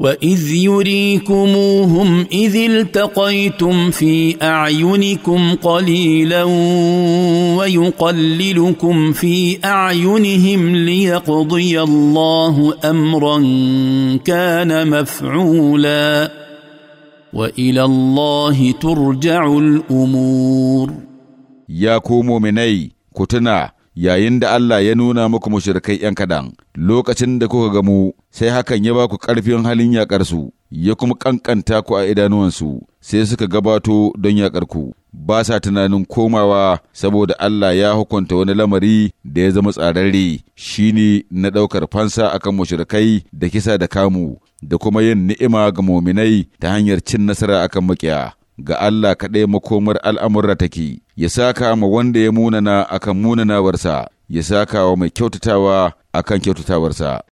واذ يريكموهم اذ التقيتم في اعينكم قليلا ويقللكم في اعينهم ليقضي الله امرا كان مفعولا والى الله ترجع الامور يا كومو مني كتنا yayin da Allah ya nuna muku mushirkai ‘yan kaɗan, lokacin da kuka gamu, sai hakan ya ba ku ƙarfin halin yaƙarsu, ya kuma ƙanƙanta ku a idanuwansu, sai suka gabato don yaƙarku. Ba sa tunanin komawa saboda Allah ya hukunta wani lamari da ya zama tsararre, shi ne na ɗaukar fansa akan mushirkai da kisa da kamu, da kuma yin ni'ima ga muminai ta hanyar cin nasara akan maƙiya. ga Allah kaɗai makomar al'amurra take, ya saka ma wanda ya munana akan munanawarsa, ya saka wa mai kyautatawa akan kyautatawarsa.